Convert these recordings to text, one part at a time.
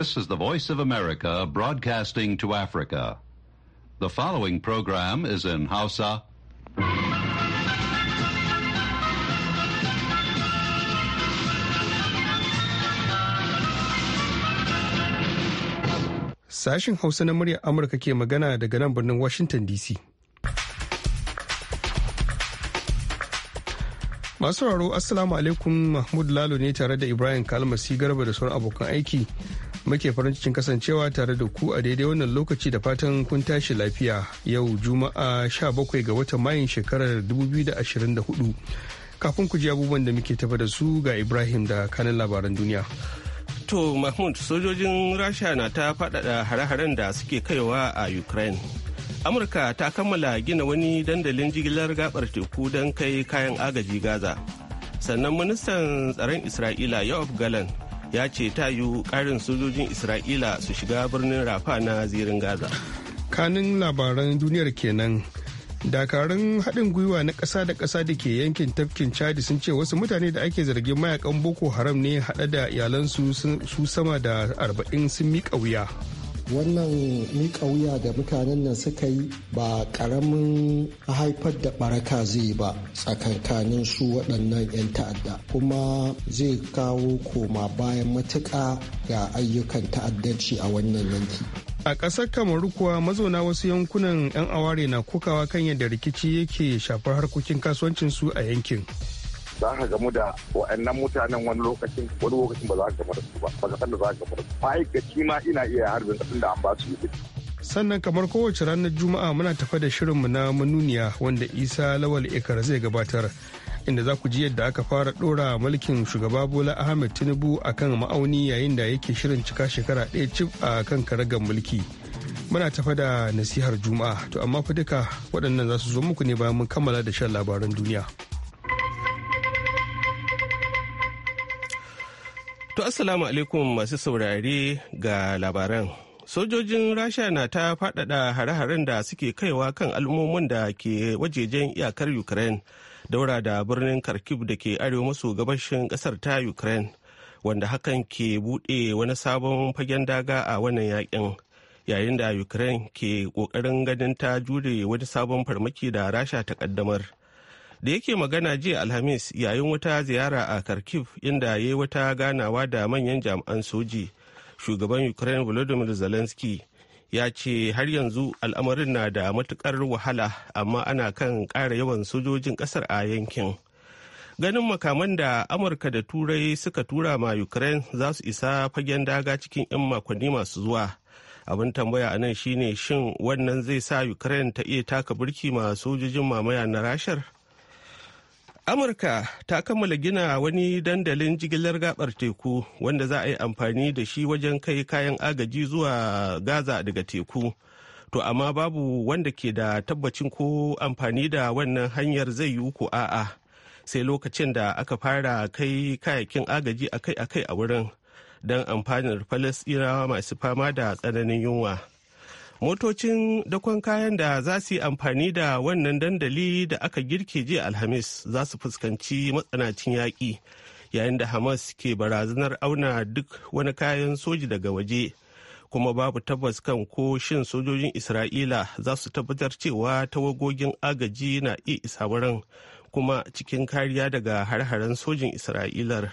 This is the Voice of America broadcasting to Africa. The following program is in Hausa. Sashin Hausa na muryar Amurka ke magana daga nan birnin Washington DC. Masu sauraro Assalamu alaikum Mahmud Lalo ne tare da Ibrahim Kalmasi Garba da sauran abokan aiki. muke farin cikin kasancewa tare da ku a daidai wannan lokaci da fatan kun tashi lafiya yau juma'a 17 ga watan mayin shekarar 2024 kafin ku ji abubuwan da muke tafa da su ga ibrahim da kanin labaran duniya to mahmud sojojin rasha na ta faɗaɗa hare-haren da suke kaiwa a ukraine amurka ta kammala gina wani dandalin jigilar gabar teku don kai kayan agaji gaza sannan ministan tsaron isra'ila yoav galan ya ce ta yiwu ƙarin sojojin isra'ila su shiga birnin rafa na zirin gaza kanin labaran duniyar kenan dakarun haɗin gwiwa na ƙasa da ƙasa da ke yankin tafkin chadi sun ce wasu mutane da ake zargin mayakan boko haram ne haɗe da iyalansu su sama da arba'in sun miƙa wuya wannan miƙa wuya da mutanen nan suka yi ba ƙaramin haifar da baraka zai ba tsakankanin su waɗannan 'yan ta'adda kuma zai kawo koma bayan matuƙa ga ayyukan ta'addanci a wannan yanki a ƙasar kamaru kuwa mazauna wasu yankunan 'yan aware na kokawa kan yadda rikici yake shafar harkokin kasuwancin su a yankin za ka gamu da wa'annan mutanen wani lokacin wani lokacin ba za ka gamu da su ba ba ka san za ka gamu da su ma'aikaci ma ina iya harbin kasan da an ba su yi sannan kamar kowace ranar juma'a muna tafa da shirinmu na manuniya wanda isa lawal ikar zai gabatar inda za ku ji yadda aka fara dora mulkin shugaba bola ahmed tinubu a kan ma'auni yayin da yake shirin cika shekara ɗaya cif a kan karagar mulki muna tafa da nasihar juma'a to amma fa duka waɗannan za su zo muku ne bayan mun kammala da shan labaran duniya. To Assalamu alaikum masu saurari ga labaran. Sojojin Rasha na ta faɗaɗa hare-haren da suke kaiwa kan al'ummomin da ke wajejen iyakar Ukraine daura da birnin Kharkiv da ke arewa maso gabashin ƙasar ta Ukraine wanda hakan ke buɗe wani sabon fagen daga a wannan yakin yayin da Ukraine ke ƙoƙarin ganin ta jure wani sabon farmaki da Rasha ta ƙaddamar. da yake magana jiya alhamis yayin wata ziyara a kharkiv inda ya yi wata ganawa da manyan jami'an soji shugaban ukraine volodymyr zelensky ya ce har yanzu al'amarin na da matukar wahala amma ana kan ƙara yawan sojojin ƙasar a yankin ganin makaman da amurka da turai suka tura ma ukraine za su isa fagen daga cikin 'yan makonni masu zuwa abin tambaya a nan shine shin wannan zai sa ukraine ta iya taka birki ma sojojin mamaya na rashar amurka ta kammala gina wani dandalin jigilar gabar teku wanda za a yi amfani da shi wajen kai kayan agaji zuwa gaza daga teku to amma babu wanda ke da tabbacin ko amfani da wannan hanyar zai yi ko a'a sai lokacin da aka fara kai kayakin agaji akai-akai a wurin don amfanin falasɗinawa masu fama da tsananin yunwa. motocin dakon kayan da za su yi amfani da wannan dandali da aka girke jiya alhamis za su fuskanci matsanacin yaƙi yayin da hamas ke barazanar auna duk wani kayan soji daga waje kuma babu tabbas kan ko shin sojojin isra'ila za su tabbatar cewa tawagogin agaji na iya isa wurin kuma cikin kariya daga har-haren sojin isra'ilar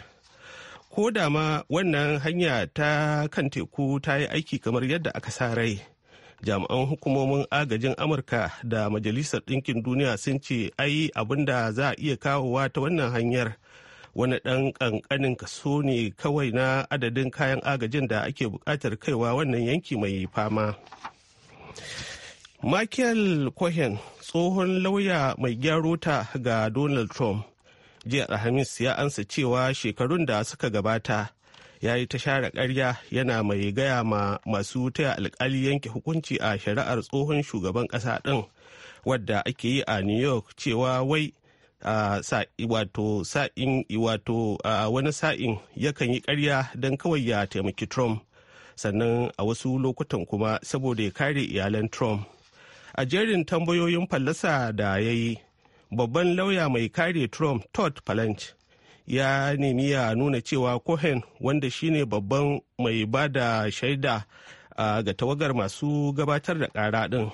ko da ma wannan hanya ta kan teku ta yi aiki kamar yadda aka sa rai jami'an hukumomin agajin amurka da majalisar ɗinkin duniya sun ce ai abin da za a iya kawowa ta wannan hanyar wani ɗan ƙanƙanin kaso ne kawai na adadin kayan agajin da ake buƙatar kaiwa wannan yanki mai fama michael cohen tsohon lauya mai gyarota ga donald trump jiya alhamis ya ansa cewa shekarun da suka gabata ya yi ta share karya yana mai gaya ma masu taya alkali yanke hukunci a shari'ar tsohon shugaban ƙasa ɗin wadda ake yi a new york cewa wai wato wani sa'in yakan yi karya don kawai ya taimaki trump sannan a wasu lokutan kuma saboda ya kare iyalan trump a jerin tambayoyin fallasa da ya yi babban lauya mai kare trump todd palance ya nemi ya nuna cewa cohen wanda shine babban mai ba da shaida ga tawagar masu gabatar da kara din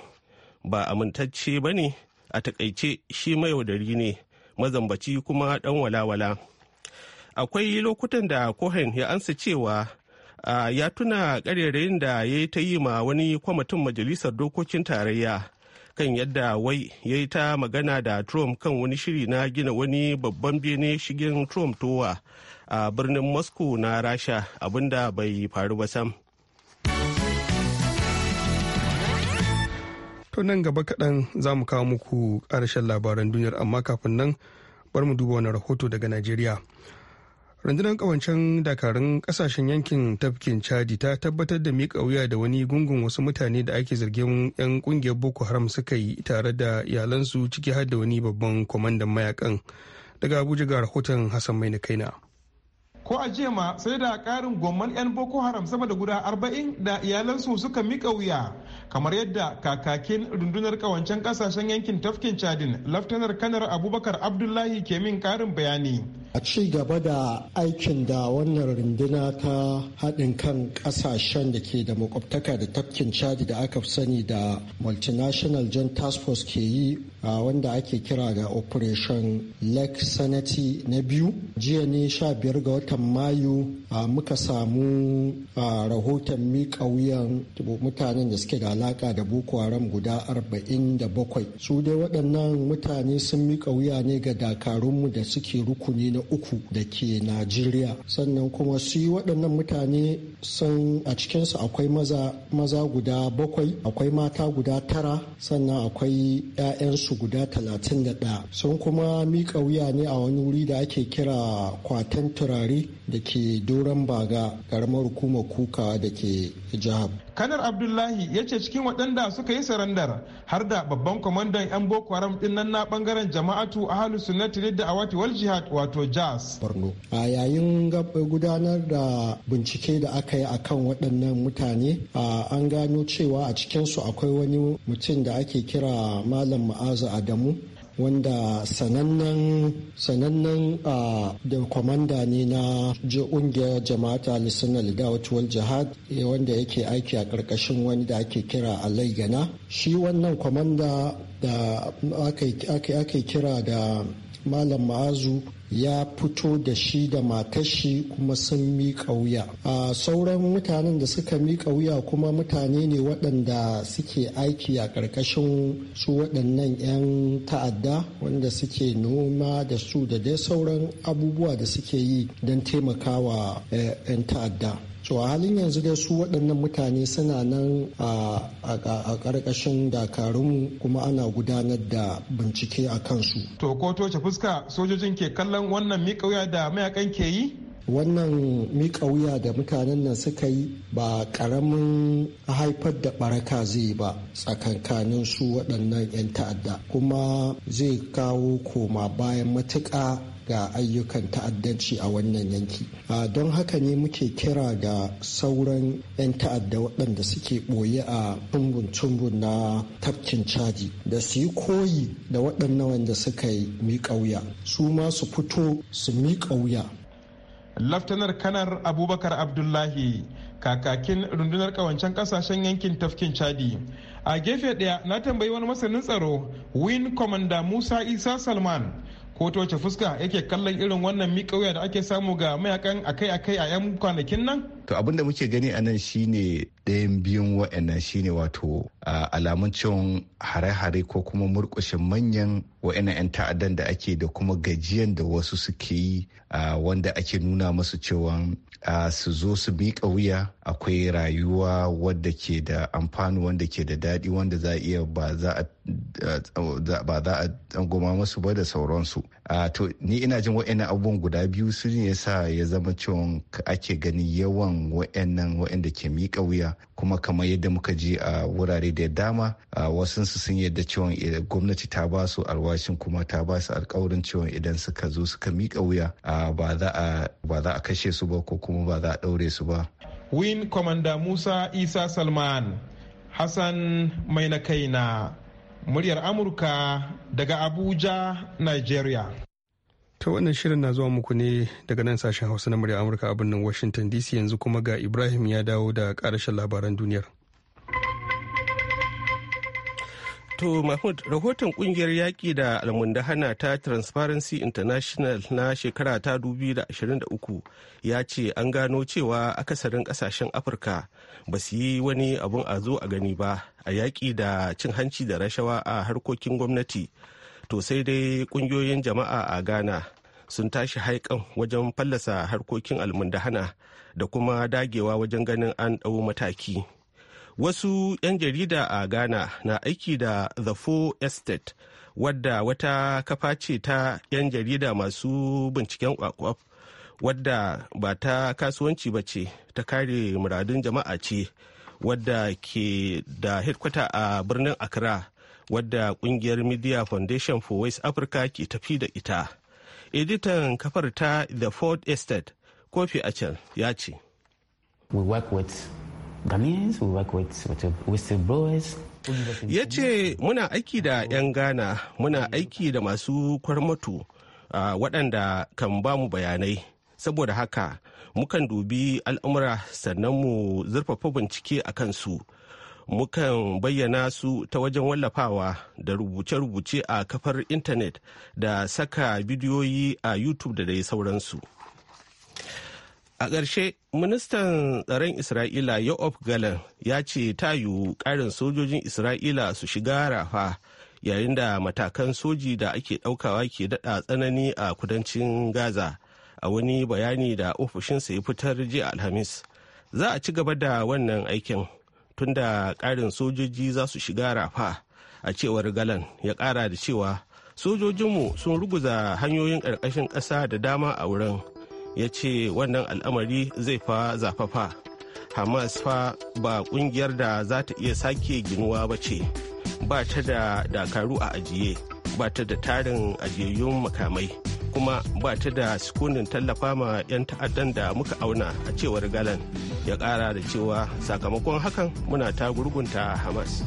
ba amintacce ba ne a takaice shi mayaudari ne mazambaci kuma dan walawala akwai lokutan da cohen ya ansa cewa ya tuna karerayin da ya yi ta yi ma wani kwamitin majalisar dokokin tarayya kan yadda wai ya yi ta magana da trump kan wani shiri na gina wani babban bene shigin trump towa a birnin moscow na rasha abinda bai faru ba sam to nan gaba kaɗan za mu kawo muku ƙarashen labaran duniyar amma kafin nan bar mu duba wani rahoto daga najeriya rundunar kawancen dakarun kasashen yankin tafkin chadi ta tabbatar da miƙa wuya da wani gungun wasu mutane da ake zargin 'yan kungiyar boko haram suka yi tare da iyalansu ciki har da wani babban kwamandan mayakan daga abuja ga rahoton hassan mai na kaina ko a jiya ma sai da karin gomman 'yan boko haram sama da guda 40 da iyalansu suka mika wuya kamar yadda kakakin rundunar kawancen kasashen yankin tafkin chadin laftanar kanar abubakar abdullahi ke min karin bayani a ci gaba da aikin da wannan runduna ta haɗin kan ƙasashen da ke da makwabtaka da tafkin chadi da aka sani da multinational joint task force ke yi wanda ake kira ga operation lake sanati na biyu jiya ne sha biyar ga watan mayu muka samu rahoton miƙa wuyan mutanen da suke da alaka da boko haram guda arba'in da bakwai su dai waɗannan mutane sun miƙa wuya ne ga dakarunmu da suke rukuni na uku da ke najeriya sannan kuma su yi waɗannan mutane sun a cikinsu akwai maza guda bakwai akwai mata guda tara sannan akwai 'ya'yansu su guda 31 sun kuma miƙa wuya ne a wani wuri da ake kira kwatan turare da ke doron baga karamar hukumar kuka da ke jihar kanar abdullahi ya ce cikin waɗanda suka yi sarandar har da babban kwamandan 'yan boko haram dinnan na bangaren jama'atu a halin sunnati da awati wal jihad wato jaz. borno a yayin gudanar da bincike da aka yi akan waɗannan mutane an gano cewa a cikinsu akwai wani mutum da ake kira malam ma'aza adamu wanda sanannen da kwamanda ne na ƙungiyar jama'ata lisan al-dawatuwar jihad eh, wanda yake aiki a ƙarƙashin wani da ake kira alai gana shi wannan kwamanda da aka kira da malam ma'azu ya fito da shi da matashi kuma sun miƙa wuya a sauran mutanen da suka miƙa wuya kuma mutane ne waɗanda suke aiki a ƙarƙashin su waɗannan 'yan ta'adda wanda suke noma da su da dai sauran abubuwa da suke yi don taimakawa 'yan eh, ta'adda to halin yanzu dai su waɗannan mutane suna nan a ƙarƙashin dakarun kuma ana gudanar da bincike a kansu to ko toce fuska sojojin ke kallon wannan miƙauya da mayakan ke yi wannan miƙauya da mutanen nan suka yi ba ƙaramin haifar da ɓaraka zai ba tsakankanin su waɗannan 'yan ta'adda kuma zai kawo koma bayan matuƙa ga ayyukan ta'addanci a wannan yanki don haka ne muke kira ga sauran 'yan ta'adda waɗanda suke ɓoye a tumbun na tafkin caji da su yi koyi da waɗannan wanda suka yi miƙa wuya su ma su fito su miƙa wuya laftanar kanar abubakar abdullahi kakakin rundunar kawancen kasashen yankin tafkin chadi a gefe ɗaya na tambayi wani masanin tsaro win commander musa isa salman ko toce fuska yake kallon irin wannan miƙauya da ake samu ga mayakan akai-akai a 'yan kwanakin nan? To abin da muke gani a nan shine ɗayan biyun wa'annan shine wato alamun cin hare-hare ko kuma murƙushe manyan wa'annan 'yan ta'addan da ake da kuma gajiyan da wasu suke yi wanda ake nuna masu cewa su zo su miƙa wuya akwai rayuwa wadda ke da amfani wanda ke da daɗi wanda za iya ba za a eh, ba za a tsangoma masu ba da sauransu ah, to ni ina jin wa'annan abubuwan guda biyu su ne sa ya zama cewa ake ganin yawan wa'annan wa'anda ke miƙa wuya kuma kamar yadda muka ji a wurare da dama wasu sun yadda cewa eh, gwamnati ta ba su alwashin kuma ta ba su alkawarin cewa idan suka zo suka miƙa wuya ba za a kashe su ba ko kuma ba za a ɗaure su ba win kwamanda musa isa salman hassan mai na kai na muryar amurka daga abuja nigeria ta wannan shirin na zuwa muku ne daga nan sashen hausa na muryar amurka a birnin washington dc yanzu kuma ga ibrahim ya dawo da karashen labaran duniyar To Mahmud, rahoton kungiyar yaƙi da almundahana ta Transparency International na shekara ta 2023 ya ce an gano cewa akasarin ƙasashen Afirka ba su yi wani abun a zo a gani ba a yaƙi da cin hanci da rashawa a harkokin gwamnati. To sai dai ƙungiyoyin jama'a a Ghana sun tashi haikan wajen fallasa harkokin almundahana da kuma dagewa wajen ganin an ɗau mataki. wasu 'yan jarida a ghana na aiki da the four estate wadda wata kafa ce ta 'yan jarida masu binciken kwakwaf wadda ba ta kasuwanci ba ce ta kare muradun jama'a ce wadda ke da headquata a birnin accra wadda kungiyar media foundation for west africa ke tafi da ita editan kafar ta the ford estate kofi a can ya ce we work with ya ce muna aiki da 'yan ghana muna aiki da masu kwarmatu uh, waɗanda kan ba mu bayanai saboda haka mukan dubi al'amura sannan mu zurfafa bincike a kansu mukan bayyana su ta wajen wallafawa da rubuce-rubuce a kafar intanet da saka bidiyoyi a youtube da dai sauransu A ƙarshe, ministan tsaron Isra'ila Yoav Galan ya ce ta yiwu ƙarin sojojin Isra'ila su shiga rafa yayin da matakan soji da ake ɗaukawa ke daɗa tsanani a kudancin Gaza a wani bayani da ofishinsa ya fitar jiya Alhamis. Za a ci gaba da wannan aikin tunda ƙarin sojoji za su shiga rafa a cewar Galan ya ƙara da cewa sojojinmu sun ruguza hanyoyin ƙarƙashin ƙasa da dama a wurin. ya ce wannan al'amari zai fa zafafa hamas fa ba kungiyar da za ta iya sake ginuwa ba ce ba ta da dakaru a ajiye ba ta da tarin ajiyayyun makamai kuma ba ta da sukunin tallafa ma 'yan ta'addan da muka auna a cewar galan ya kara da cewa sakamakon hakan muna ta gurgunta hamas.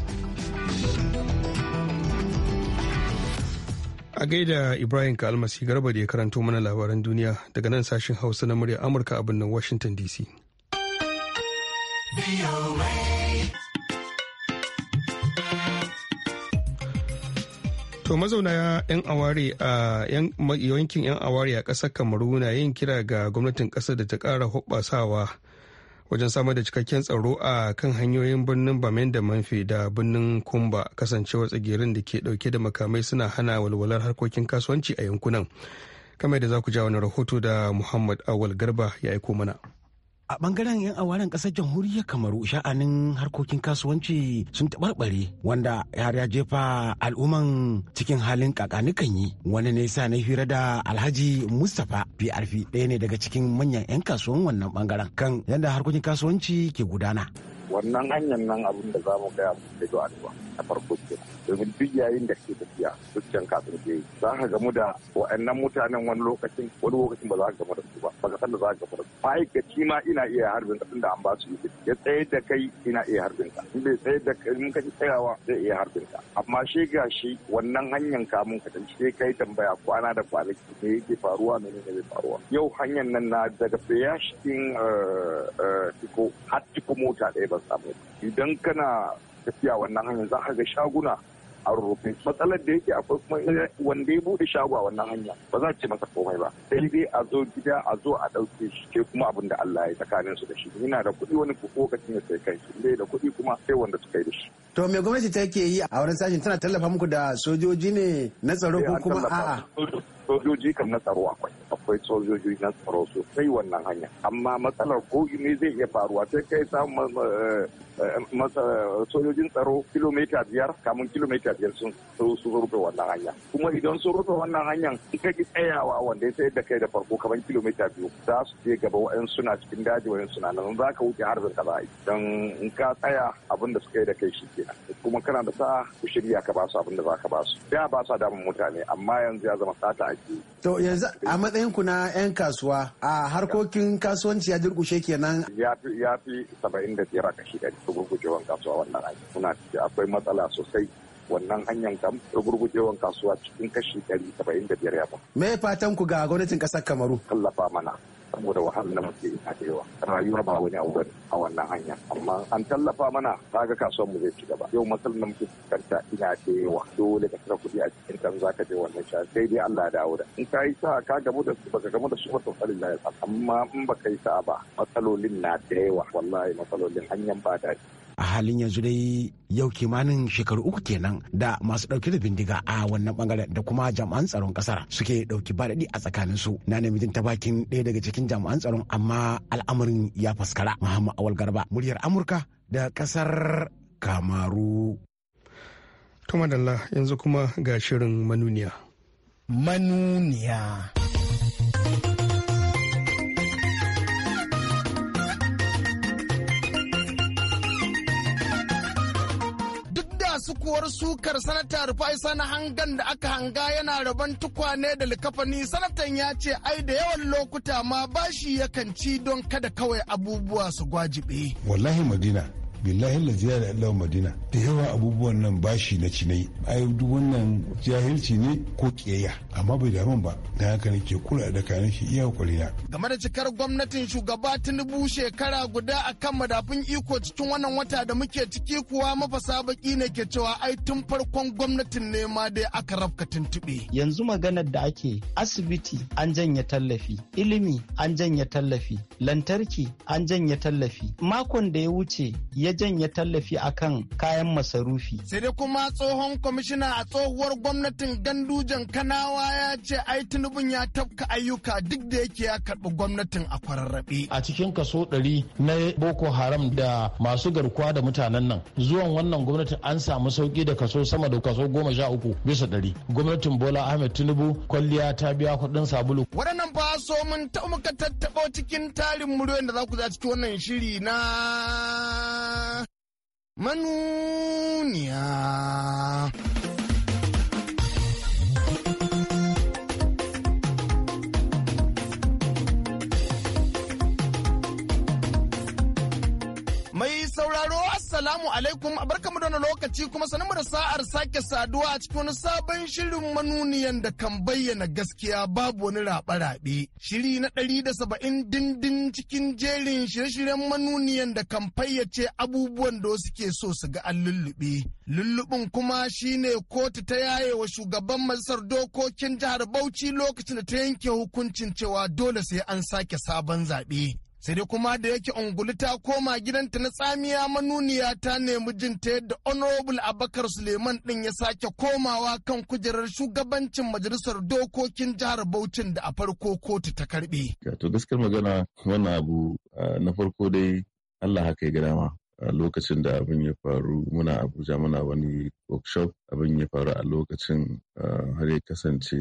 A gaida Ibrahim Kalmasi Garba da ya karanto mana labaran duniya daga nan sashen Hausa na murya Amurka a birnin Washington DC. To mazauna 'yan aware a yankin 'yan aware a ƙasar Kamaru na yin kira ga gwamnatin ƙasar da ta ƙara hoɓɓasawa wajen samar da cikakken tsaro a kan hanyoyin birnin bamen da manfi da birnin kumba kasancewar tsagirin da ke dauke da makamai suna hana walwalar harkokin kasuwanci a yankunan kamar da za ku ja wani rahoto da muhammad awal garba ya aiko mana. a bangaren 'yan awaren kasar jamhuriyar kamaru sha'anin harkokin kasuwanci sun taɓarɓare wanda har ya jefa al'umman cikin halin kakanikan yi wani sa na hira da alhaji mustapha PRP. ɗaya ne daga cikin manyan 'yan kasuwan wannan bangaren kan yadda harkokin kasuwanci ke gudana wannan hanyar nan abin da za mu kai abin da zuwa ba na farko ke domin duk yayin da ke tafiya dukkan kafin ke za ka gamu da wa'annan mutanen wani lokacin wani lokacin ba za ka gamu da su ba ba ka san da za ka gamu da su ma'aikaci ma ina iya harbin kasan da an ba su yi ya tsaye da kai ina iya harbin ka in bai tsaye da kai in ka tsayawa zai iya harbin ka amma shi ga shi wannan hanyar kamun ka tanci sai kai tambaya kwana da kwanaki ne, yake faruwa ne ne bai faruwa yau hanyar nan na daga fayashin tiko eh, eh, har tiko mota ɗaya ba samu idan kana tafiya wannan hanyar za ka ga shaguna a rufe matsalar da yake akwai kuma wanda ya bude shago a wannan hanya ba za ce masa komai ba sai dai a zo gida a zo a ɗauke shi ke kuma abin da Allah ya tsakanin su da shi yana da kuɗi wani ko kokacin ya sai kai da kuɗi kuma sai wanda suka yi da shi to me gwamnati take yi a wurin sashin tana tallafa muku da sojoji ne na tsaro eh, ko kuma a'a sojoji kam na tsaro akwai akwai sojoji na tsaro sosai wannan hanya amma matsalar ko ne zai iya faruwa sai kai samu eh, eh, masa sojojin tsaro kilomita biyar kamun kilomita biyar sun su rufe wannan hanya kuma idan sun rufe wannan hanyar in ka ki tsayawa wanda ya sayar da kai da farko kaman kilomita biyu za su je gaba wa'in suna cikin daji wa'in suna nan za ka wuce harbin ka za don in ka tsaya abin da suka yi da kai shi kenan kuma kana da sa ku shirya ka ba su abin da za ka ba su da ba sa damun mutane amma yanzu ya zama sata ake to yanzu a matsayin ku na 'yan kasuwa a harkokin kasuwanci ya durkushe kenan. Ya fi ya fi saba'in da biyar a kashi ɗari su gurgujewan kasuwa wannan suna Kuna akwai matsala sosai wannan hanyar kam gurgujewan kasuwa cikin kashi ɗari saba'in da biyar ya ba. Me fatan ku ga gwamnatin ƙasar Kamaru? Tallafa mana. saboda wahala na muke na da yawa rayuwar ba wani abu bane a wannan hanya amma an tallafa mana kaga kasuwar mu zai ci gaba yau matsalar da muke fuskanta ina da yawa dole ka tsara kuɗi a cikin kan zaka je wannan sha sai dai Allah ya dawo da in ka yi sa ka gamu da su baka gamu da su ba to Allah ya amma in baka yi sa ba matsalolin na da yawa wallahi matsalolin hanyar ba da a halin yanzu dai yau kimanin shekaru uku kenan da masu ɗauke da bindiga a wannan bangare da kuma jami'an tsaron ƙasar suke ɗauki baɗaɗi a tsakanin su na namijin ta bakin ɗaya daga cikin jami'an tsaron amma al'amarin ya faskara muhammad awal garba muryar amurka da ƙasar kamaru to yanzu kuma ga shirin manuniya manuniya sukuwar sukar sanata rufai sana hangan da aka hanga yana rabon tukwane da likafani sanatan ya ce ai da yawan lokuta ma bashi yakan ci don kada kawai abubuwa su gwajibe wallahi madina billahi la ziyara Allah madina da yawa abubuwan nan bashi na cinai ai duk wannan jahilci ne ko kiyayya amma bai damu ba dan haka nake kula da kanin shi iya kwalina game da cikar gwamnatin shugaba Tinubu shekara guda akan madafin iko cikin wannan wata da muke ciki kuwa mafasa baki ne ke cewa ai tun farkon gwamnatin ne ma dai aka rafka tuntube yanzu maganar da ake asibiti an janye tallafi ilimi an janye tallafi lantarki an janye tallafi makon da ya wuce ya ya tallafi akan kayan masarufi. Sai dai kuma tsohon kwamishina a tsohuwar gwamnatin gandujan kanawa ya ce ai tunubin ya tafka ayyuka duk da yake ya karɓi gwamnatin a kwararrabe. A cikin kaso ɗari na Boko Haram da masu garkuwa da mutanen nan zuwan wannan gwamnatin an samu sauki da kaso sama da kaso goma sha uku bisa ɗari. Gwamnatin Bola Ahmed Tinubu kwalliya ta biya kuɗin sabulu. Waɗannan fa so mun taɓa tattaɓo cikin tarin muryoyin da za ku za cikin wannan shiri na manuniya. wani lokaci kuma sanin da sa'ar sake saduwa a cikin wani sabon shirin manuniyan da kan bayyana gaskiya babu wani raɓe-raɓe. Shiri na ɗari da saba'in dindin cikin jerin shirye-shiryen manuniyan da kan fayyace abubuwan da suke so su ga an lullube. Lullubin kuma shine kotu ta yaye wa shugaban majalisar dokokin jihar Bauchi lokacin da ta yanke hukuncin cewa dole sai an sake sabon zaɓe. sai dai kuma da yake ungulu ta koma gidanta na tsamiya manuniya ta nemi jin ta yadda honorable abakar suleiman din ya sake komawa kan kujerar shugabancin majalisar dokokin jihar Bauchin da a farko kotu ta karbe. to gaskiyar magana wannan abu na farko dai allah haka ya gada a lokacin da abin ya faru muna abuja muna wani workshop abin ya faru a lokacin har ya kasance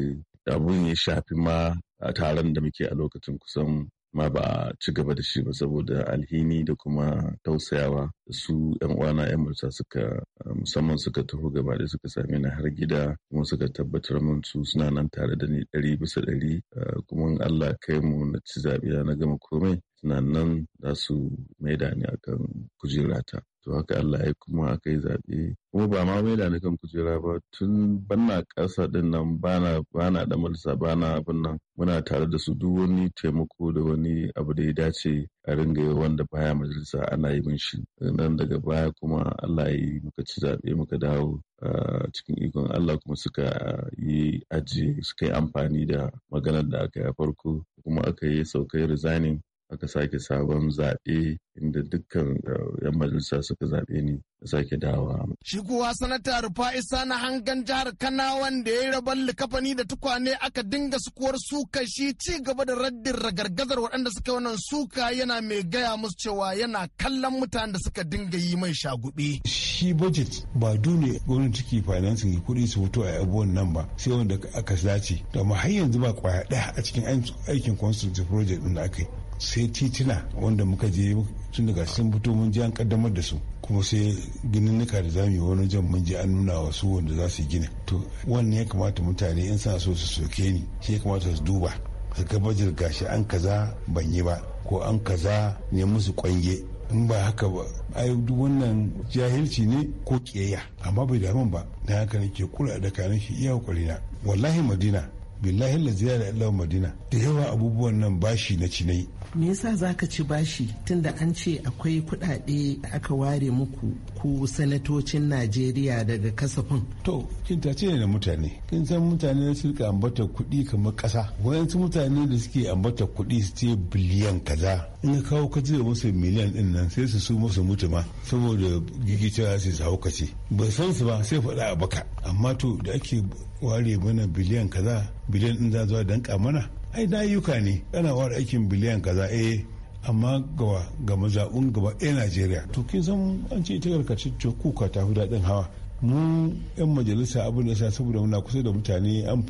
abin ya shafi ma a taron da muke a lokacin kusan ma ba a ci gaba da shi ba saboda alhini da kuma tausayawa da su yan uwana yan murta suka musamman suka taho gaba da suka sami na har gida kuma suka tabbatar mun su suna nan tare da ni ɗari bisa ɗari eh, kuma Allah kai mu na ci zaɓe na gama komai suna nan za su maida ni akan kujerata to haka Allah ya kuma aka yi zaɓe kuma ba ma mai da ni kan kujera ba tun banna ƙasa din nan bana bana da malsa bana abin nan muna tare da su duk wani taimako da wani abu da ya dace a ringa yi wanda baya majalisa ana yi min shi nan daga baya kuma Allah ya yi muka ci zaɓe muka dawo ah, cikin ikon Allah kuma suka yi aji suka yi amfani da maganar da aka yi a farko kuma aka yi saukai resigning aka sake sabon zaɓe inda dukkan eh, yan majalisa suka zaɓe ni da sake dawa. Shi kuwa sanata Rufa'i na hangan jihar Kana wanda ya yi rabon likafani da tukwane aka dinga sukuwar suka shi ci gaba da raddin ragargazar waɗanda suka wannan suka yana mai gaya musu cewa yana kallon mutanen da suka dinga yi mai shagube. Shi budget ba dole gwamnati take financing kuɗi su fito a abubuwan nan ba sai wanda aka dace. Da har yanzu ba kwaya ɗaya a cikin aikin constitutive project ɗin da aka yi. sai titina wanda muka je tun daga sun fito mun je an kaddamar da su kuma sai gininnika da zamu yi wani jan mun je an nuna wasu wanda za su gina to wannan ya kamata mutane in suna so su soke ni sai ya kamata su duba su ga bajir gashi an kaza ban yi ba ko an kaza ne musu kwange in ba haka ba ai duk wannan jahilci ne ko kiyayya amma bai damu ba na haka nake kula da kanin shi iya kokari wallahi madina billahi la ziyara da Allah madina da yawa abubuwan nan bashi na cinai me yasa zaka ci bashi tunda an ce akwai kuɗaɗe aka ware muku ku sanatocin Najeriya daga kasafin to kin tace ne da mutane kin san mutane da suka ambata kuɗi kamar ƙasa wayansu mutane da suke ambata kuɗi su ce biliyan kaza in ka kawo ka jiya musu miliyan din nan sai su su musu mutu ma saboda gigicewa sai su kaci ba san su ba sai faɗa a baka amma to da ake ware mana biliyan kaza biliyan din za zuwa danka mana ai na ayyuka ne ana ware aikin biliyan kaza eh amma gawa ga mazaɓun gaba ɗaya najeriya to kin san an ce ita karkacin kuka ta fi daɗin hawa mu 'yan majalisa abin da sa saboda muna kusa da mutane an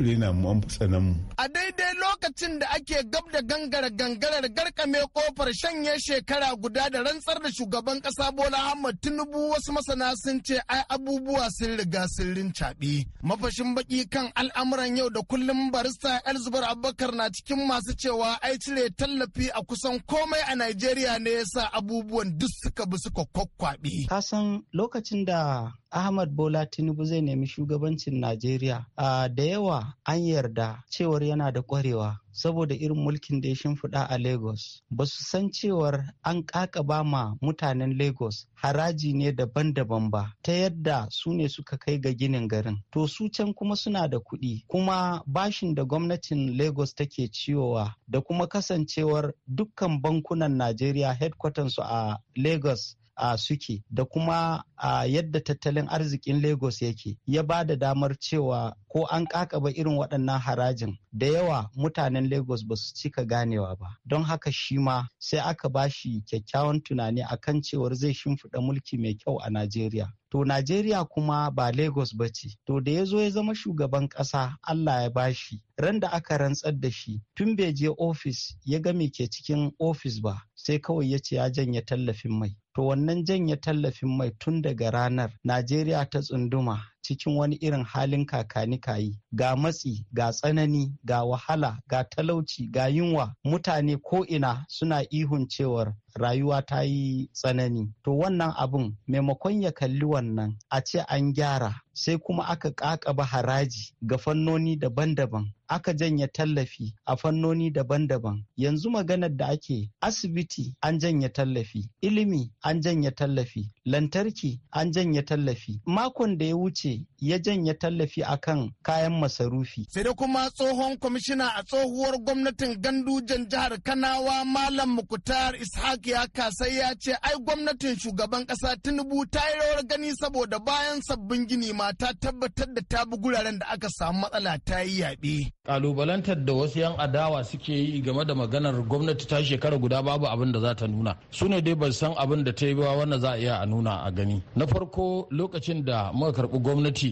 rena mu an tsanan mu. A daidai lokacin da ake gab da gangara gangarar garkame kofar shanye shekara guda da rantsar da shugaban kasa Bola Ahmad Tinubu wasu masana sun ce ai abubuwa sun riga sun rincaɓe. Mafashin baki kan al'amuran yau da kullum barista Elzubar Abubakar na cikin masu cewa ai cire tallafi a kusan komai a Najeriya ne yasa abubuwan duk suka bi suka kwakkwaɓe. Ka san lokacin da Ahmad Bola Tinubu zai nemi shugabancin Najeriya A da yawa an yarda cewar yana da ƙwarewa saboda irin mulkin da ya shimfiɗa a Lagos. Ba su san cewar an ƙaƙaba ma mutanen Lagos haraji ne daban-daban ba, ta yadda su ne suka kai ga ginin garin. To su can kuma suna da kuɗi, kuma bashin da gwamnatin Lagos take ciwowa da kuma kasancewar dukkan bankunan Najeriya headquarters a Lagos A suke da kuma a yadda tattalin arzikin Lagos yake ya ba da damar cewa ko an kakaba irin waɗannan harajin da yawa mutanen Lagos ba su cika ganewa ba. Don haka shi ma sai aka ba shi kyakkyawan tunani akan cewar zai shimfiɗa mulki mai kyau a Najeriya. To Najeriya kuma ba Lagos ba ce. To da ya zo ya zama shugaban ƙasa Allah ya bashi. Ran da aka rantsar da shi tun bai je ofis ya ga me ke cikin ofis ba sai kawai ya ce ya janye tallafin mai. To wannan janye tallafin mai tun daga ranar Najeriya ta tsunduma cikin wani irin halin kakani kayi ga matsi ga tsanani ga wahala ga talauci ga yunwa mutane ko ina suna ihun cewar rayuwa ta yi tsanani to wannan abun maimakon ya kalli wannan a ce an gyara sai kuma aka ƙaƙaba haraji ga fannoni daban-daban aka janye tallafi a fannoni daban-daban yanzu maganar da ake asibiti an janye tallafi ilimi an janye tallafi lantarki an janye tallafi. Makon da ya wuce ya janye tallafi akan kayan masarufi. Sai da kuma tsohon kwamishina a tsohuwar gwamnatin gandu jan jihar Kanawa Malam Mukutar Ishaq ya kasa ya ce ai gwamnatin shugaban kasa Tinubu ta yi rawar gani saboda bayan sabbin gini ma ta tabbatar da ta bi guraren da aka samu matsala ta yi yaɓe. Kalubalantar da wasu 'yan adawa suke yi game da maganar gwamnati ta shekara guda babu abin da za ta nuna. Su ne dai ban san abin da ta yi ba wanda za a iya a nuna a gani. Na farko lokacin da muka karɓi gwamnati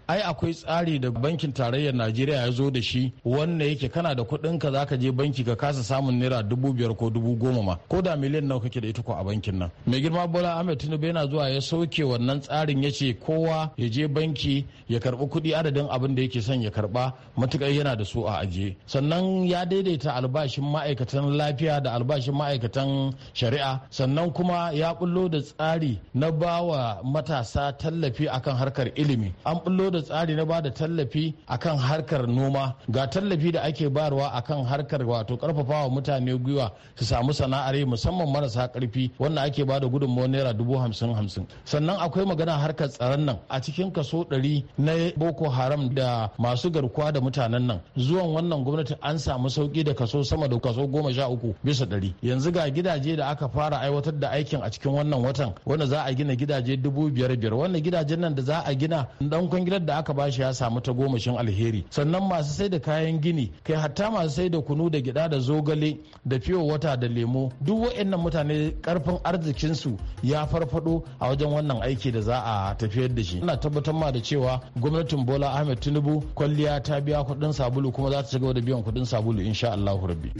ai akwai tsari da bankin tarayyar najeriya ya zo da shi wanda yake kana da kuɗin ka zaka je banki ka kasa samun naira dubu biyar ko dubu goma ma ko da miliyan nawa kake da ita ko a bankin nan mai girma bola ahmed tinubu yana zuwa ya sauke wannan tsarin ya ce kowa ya je banki ya karɓi kuɗi adadin abin da yake son ya karba matukar yana da su a ajiye sannan ya daidaita albashin ma'aikatan lafiya da albashin ma'aikatan shari'a sannan kuma ya bullo da tsari na bawa matasa tallafi akan harkar ilimi an bullo da da tsari na bada tallafi akan harkar noma ga tallafi da ake bayarwa akan harkar wato karfafawa mutane gwiwa su samu sana'ar yi musamman marasa karfi wanda ake bada gudunmawar naira dubu hamsin hamsin sannan akwai magana harkar tsaron nan a cikin kaso ɗari na boko haram da masu garkuwa da mutanen nan zuwan wannan gwamnati an samu sauki da kaso sama da kaso goma sha uku bisa ɗari yanzu ga gidaje da aka fara aiwatar da aikin a cikin wannan watan wanda za a gina gidaje dubu biyar biyar wannan gidajen nan da za a gina dan kwangilar da da aka bashi ya samu ta gomashin alheri sannan masu sai da kayan gini kai hatta masu sai da kunu da gida da zogale da fiyo wata da lemo duk wa'annan mutane karfin arzikinsu ya farfado a wajen wannan aiki da za a tafiyar da shi ina tabbatar ma da cewa gwamnatin bola ahmed tinubu kwalliya ta biya kuɗin sabulu kuma za ta ci gaba da biyan kuɗin sabulu insha allahu rabbi.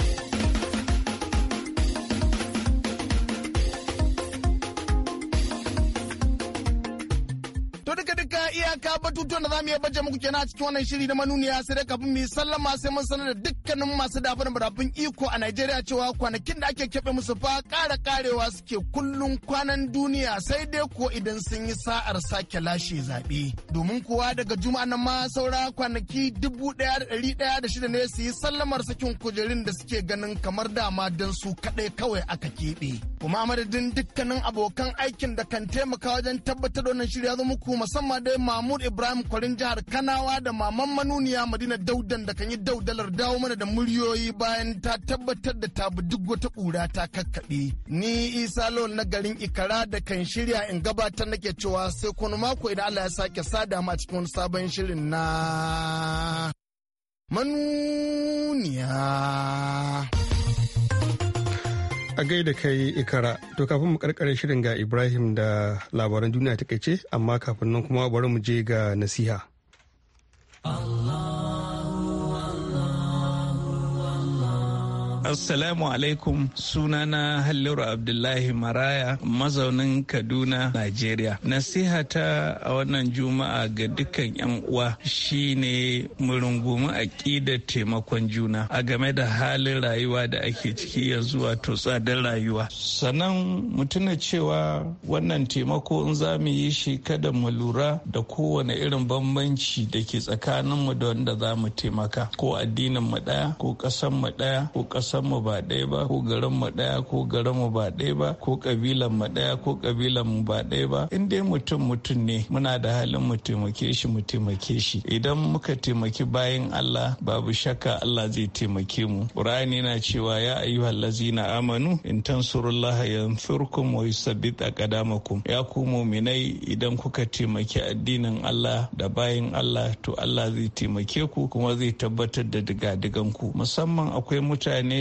za mu baje muku kenan a cikin wannan shiri na manuniya sai dai kafin mu yi sallama sai mun sanar da dukkanin masu dafa da barafin iko a Najeriya cewa kwanakin da ake kebe musu fa ƙara karewa suke kullum kwanan duniya sai dai ko idan sun yi sa'ar sake lashe zaɓe. Domin kuwa daga juma'a nan ma saura kwanaki dubu ɗaya da ɗari ɗaya da shida ne su yi sallamar sakin kujerun da suke ganin kamar dama don su kaɗai kawai aka keɓe. Kuma madadin dukkanin abokan aikin da kan taimaka wajen tabbatar da wannan shirya zo muku musamman dai Mahmud Ibrahim Kwarin 'yan jihar Kanawa da maman manuniya Madina Daudan da kan yi daudalar dawo mana da muryoyi bayan ta tabbatar da ta bi duk wata ɓura ta kakkaɓe. Ni Isa Lol na garin Ikara da kan shirya in gabatar nake cewa sai kuma mako idan Allah ya sake sada ma cikin wani sabon shirin na manuniya. A gaida kai ikara, to kafin mu karkare shirin ga Ibrahim da labaran duniya takaice, amma kafin nan kuma bari mu je ga nasiha. Allah. Assalamu alaikum sunana Halliru Abdullahi Maraya mazaunin Kaduna, Najeriya. Nasihata a wannan juma'a ga dukkan 'yan uwa shine murungumi a ƙida taimakon juna a game da halin rayuwa da ake ciki yanzu wato tsadar rayuwa. Sannan mutuna cewa wannan taimako in za mu yi shi kada mu lura da kowane irin bambanci da ke tsakaninmu da wanda za mu taimaka ko addinin mu ɗaya ko ƙasan mu ɗaya ko ƙasan san mu ba ɗaya ba ko garin mu ɗaya ko garin mu ba ɗaya ba ko kabilan mu ɗaya ko kabilan mu ba ɗaya ba in dai mutum mutum ne muna da halin mu taimake shi mu taimake shi idan muka taimaki bayan Allah babu shakka Allah zai taimake mu Qur'ani na cewa ya ayyuhal ladzina amanu in tansurullah yansurkum wa yusabbit aqdamakum ya ku mu'minai idan kuka taimaki addinin Allah da bayan Allah to Allah zai taimake ku kuma zai tabbatar da diga-digan ku musamman akwai mutane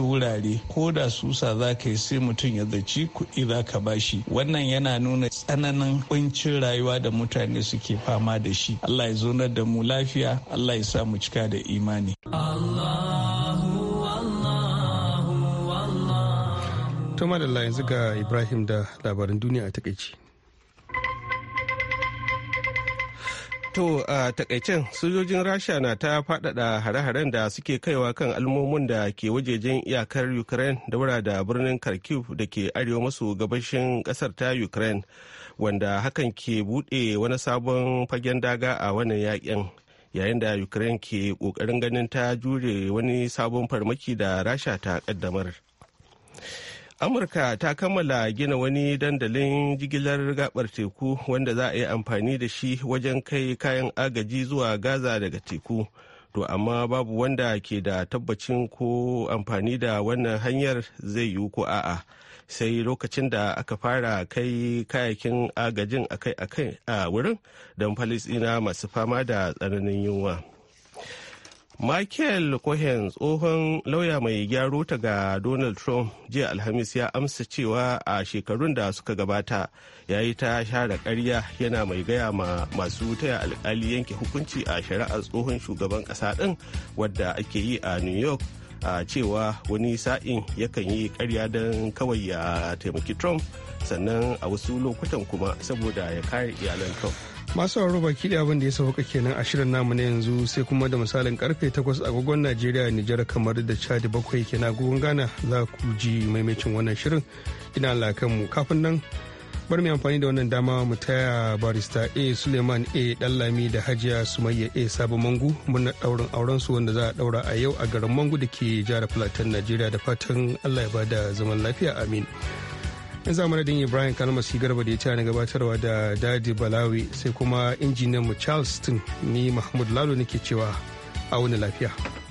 wasu wurare ko da susa za ka yi sai mutum ya zaci kuɗi za ka bashi wannan yana nuna tsananin kuncin rayuwa da mutane suke fama da shi allah ya zonar da mu lafiya allah ya sa mu cika da imani Tuma da yanzu ga Ibrahim da labaran duniya a takaici. To a takaicen sojojin Rasha na ta faɗaɗa hare-haren da suke kaiwa kan almomin da ke wajejen iyakar Ukraine wura da birnin Kharkiv da ke arewa maso gabashin ƙasar ta Ukraine wanda hakan ke buɗe wani sabon fagen daga a wannan yakin yayin da Ukraine ke ƙoƙarin ganin ta jure wani sabon farmaki da Rasha ta ƙaddamar. amurka ta kammala gina wani dandalin jigilar gabar teku wanda za a yi amfani da shi wajen kai kayan agaji zuwa gaza daga teku to amma babu wanda ke da tabbacin ko amfani da wannan hanyar zai yiwu ko a'a sai lokacin da aka fara kai kayakin agajin akai-akai a wurin don falis masu fama da tsananin yunwa michael cohen tsohon lauya mai gyaro ta ga donald trump jiya alhamis ya amsa cewa a shekarun da suka gabata ya yi ta share karya yana mai gaya ma masu taya alkali yanke hukunci a shari'ar tsohon shugaban kasa din wadda ake yi a new york a cewa wani sa'in yakan yi karya don kawai ya taimaki trump sannan a wasu lokutan kuma saboda ya kare iyalan trump masu sauraro baki da abin da ya sauka kenan a shirin namu na yanzu sai kuma da misalin karfe 8 agogon najeriya nijar kamar da chad bakwai kenan agogon ghana za ku ji maimacin wannan shirin ina alakan mu kafin nan bar mai amfani da wannan dama mu taya barista a suleiman a dallami da hajiya sumayya a sabon mangu muna daurin auren su wanda za a daura a yau a garin mangu da ke jihar plateau najeriya da fatan allah ya bada zaman lafiya amin in zamanin ibrahim kalmasi garba da ya tana gabatarwa da dadi balawi sai kuma injiniyan mu charleston ni mahmud lalo nake cewa a wani lafiya